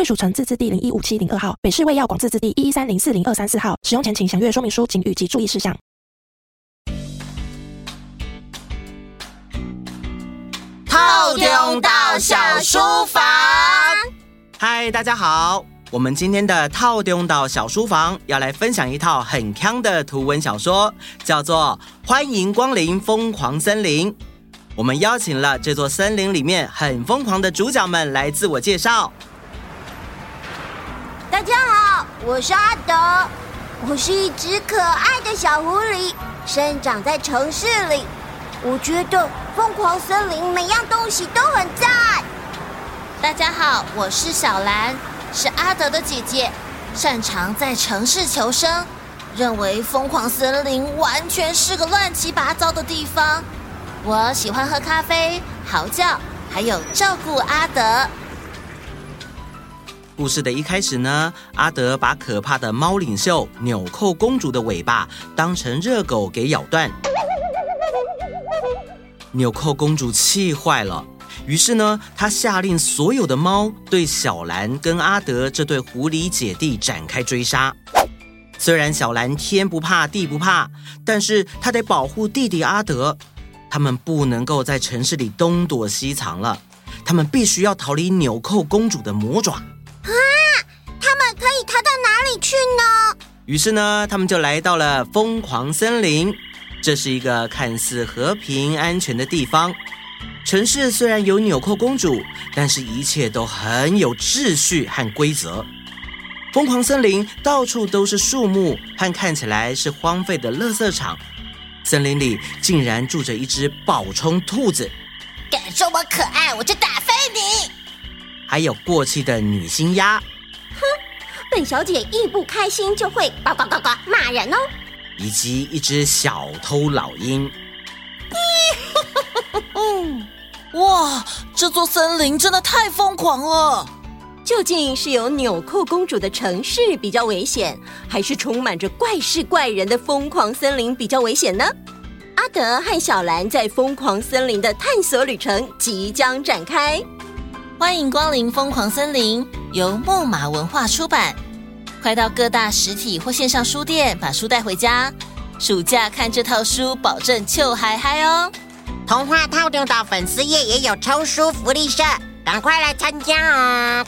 歸屬城自治地零一五七零二號，北市衛藥廣自治地一一三零四零二三四號。使用前請詳閱說明書警語及注意事項。透中島小書房。嗨，大家好，我們今天的透中島小書房要來分享一套很瘋的圖文小說，叫做《歡迎光臨瘋狂森林》。我們邀請了這座森林裡面很瘋狂的主角們來自我介紹。我是阿德，我是一隻可愛的小狐狸，生長在城市裡。我覺得瘋狂森林每樣東西都很讚。大家好，我是小蘭，是阿德的姐姐，擅長在城市求生，認為瘋狂森林完全是個亂七八糟的地方。我喜歡喝咖啡、嚎叫，還有照顧阿德。故事的一開始呢，阿德把可怕的貓領袖紐扣公主的尾巴當成熱狗給咬斷，紐扣公主氣壞了。於是呢，她下令所有的貓對小蘭跟阿德這對狐狸姐弟展開追殺。雖然小蘭天不怕地不怕，但是她得保護弟弟阿德，他們不能夠在城市裡東躲西藏了，他們必須要逃離紐扣公主的魔爪。他到哪裡去呢？於是呢，他們就來到了瘋狂森林。這是一個看似和平安全的地方。城市雖然有紐扣公主，但是一切都很有秩序和規則。瘋狂森林到處都是樹木和看起來是荒廢的垃圾場。森林裡竟然住着一隻爆衝兔子，敢說我可愛，我就打飛你。還有過氣的女星鴨。本小姐一不開心就會呱呱呱呱罵人哦，以及一隻小偷老鷹。哇！這座森林真的太瘋狂了。究竟是有紐扣公主的城市比較危險，還是充滿着怪事怪人的瘋狂森林比較危險呢？阿德和小蘭在瘋狂森林的探索旅程即將展開，歡迎光臨瘋狂森林。由木馬文化出版，快到各大實體或線上書店把書帶回家。暑假看這套書，保證秋嗨嗨哦！透中島的粉絲頁也有抽書福利社，趕快來參加哦！